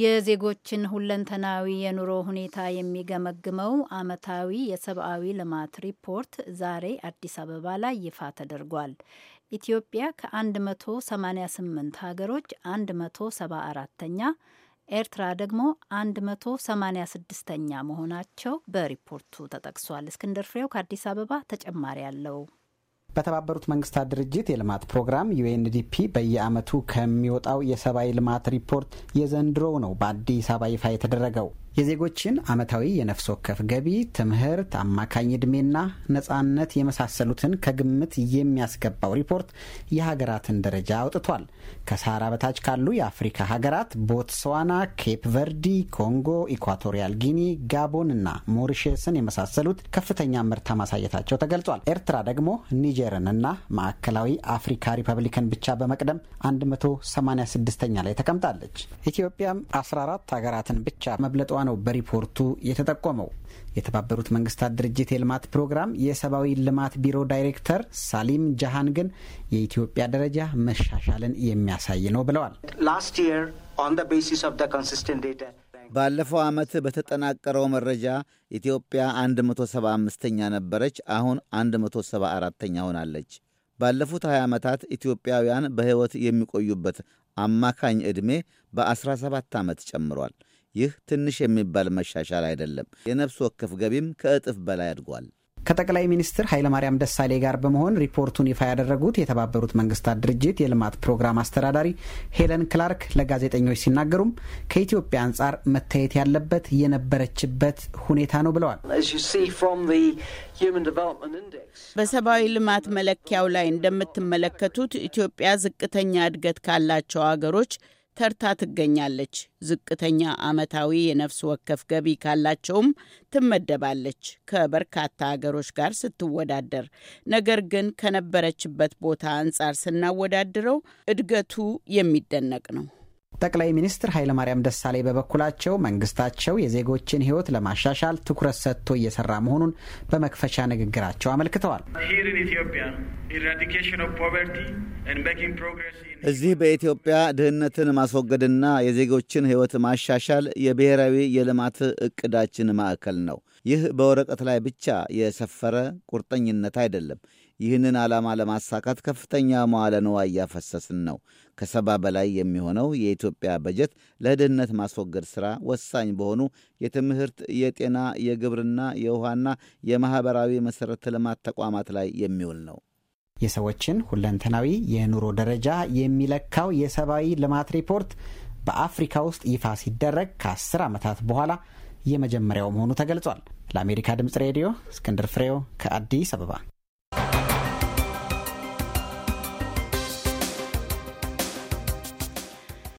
የዜጎችን ሁለንተናዊ የኑሮ ሁኔታ የሚገመግመው ዓመታዊ የሰብአዊ ልማት ሪፖርት ዛሬ አዲስ አበባ ላይ ይፋ ተደርጓል። ኢትዮጵያ ከ188 ሀገሮች 174 ተኛ ኤርትራ ደግሞ 186ኛ መሆናቸው በሪፖርቱ ተጠቅሷል። እስክንድር ፍሬው ከአዲስ አበባ ተጨማሪ አለው። በተባበሩት መንግስታት ድርጅት የልማት ፕሮግራም ዩኤንዲፒ በየአመቱ ከሚወጣው የሰብአዊ ልማት ሪፖርት የዘንድሮው ነው በአዲስ አበባ ይፋ የተደረገው። የዜጎችን ዓመታዊ የነፍስ ወከፍ ገቢ፣ ትምህርት፣ አማካኝ ዕድሜና ነጻነት የመሳሰሉትን ከግምት የሚያስገባው ሪፖርት የሀገራትን ደረጃ አውጥቷል። ከሳራ በታች ካሉ የአፍሪካ ሀገራት ቦትስዋና፣ ኬፕ ቨርዲ፣ ኮንጎ፣ ኢኳቶሪያል ጊኒ፣ ጋቦን እና ሞሪሽስን የመሳሰሉት ከፍተኛ ምርታ ማሳየታቸው ተገልጿል። ኤርትራ ደግሞ ኒጀርን እና ማዕከላዊ አፍሪካ ሪፐብሊክን ብቻ በመቅደም 186ኛ ላይ ተቀምጣለች። ኢትዮጵያም 14 ሀገራትን ብቻ መብለጧ ነው በሪፖርቱ የተጠቆመው። የተባበሩት መንግስታት ድርጅት የልማት ፕሮግራም የሰብአዊ ልማት ቢሮ ዳይሬክተር ሳሊም ጃሃን ግን የኢትዮጵያ ደረጃ መሻሻልን የሚያሳይ ነው ብለዋል። ባለፈው ዓመት በተጠናቀረው መረጃ ኢትዮጵያ 175ኛ ነበረች። አሁን 174ኛ ሆናለች። ባለፉት 20 ዓመታት ኢትዮጵያውያን በሕይወት የሚቆዩበት አማካኝ ዕድሜ በ17 ዓመት ጨምሯል። ይህ ትንሽ የሚባል መሻሻል አይደለም። የነፍስ ወከፍ ገቢም ከእጥፍ በላይ አድጓል። ከጠቅላይ ሚኒስትር ኃይለማርያም ደሳሌ ጋር በመሆን ሪፖርቱን ይፋ ያደረጉት የተባበሩት መንግስታት ድርጅት የልማት ፕሮግራም አስተዳዳሪ ሄለን ክላርክ ለጋዜጠኞች ሲናገሩም ከኢትዮጵያ አንጻር መታየት ያለበት የነበረችበት ሁኔታ ነው ብለዋል። በሰብአዊ ልማት መለኪያው ላይ እንደምትመለከቱት ኢትዮጵያ ዝቅተኛ እድገት ካላቸው አገሮች ተርታ ትገኛለች። ዝቅተኛ ዓመታዊ የነፍስ ወከፍ ገቢ ካላቸውም ትመደባለች ከበርካታ አገሮች ጋር ስትወዳደር። ነገር ግን ከነበረችበት ቦታ አንጻር ስናወዳድረው እድገቱ የሚደነቅ ነው። ጠቅላይ ሚኒስትር ኃይለማርያም ደሳለኝ በበኩላቸው መንግስታቸው የዜጎችን ሕይወት ለማሻሻል ትኩረት ሰጥቶ እየሰራ መሆኑን በመክፈቻ ንግግራቸው አመልክተዋል። እዚህ በኢትዮጵያ ድህነትን ማስወገድና የዜጎችን ሕይወት ማሻሻል የብሔራዊ የልማት እቅዳችን ማዕከል ነው። ይህ በወረቀት ላይ ብቻ የሰፈረ ቁርጠኝነት አይደለም። ይህንን ዓላማ ለማሳካት ከፍተኛ መዋለ ንዋይ እያፈሰስን ነው። ከሰባ በላይ የሚሆነው የኢትዮጵያ በጀት ለድህነት ማስወገድ ሥራ ወሳኝ በሆኑ የትምህርት፣ የጤና፣ የግብርና፣ የውሃና የማኅበራዊ መሠረተ ልማት ተቋማት ላይ የሚውል ነው። የሰዎችን ሁለንተናዊ የኑሮ ደረጃ የሚለካው የሰብአዊ ልማት ሪፖርት በአፍሪካ ውስጥ ይፋ ሲደረግ ከአስር ዓመታት በኋላ የመጀመሪያው መሆኑ ተገልጿል። ለአሜሪካ ድምጽ ሬዲዮ እስክንድር ፍሬው ከአዲስ አበባ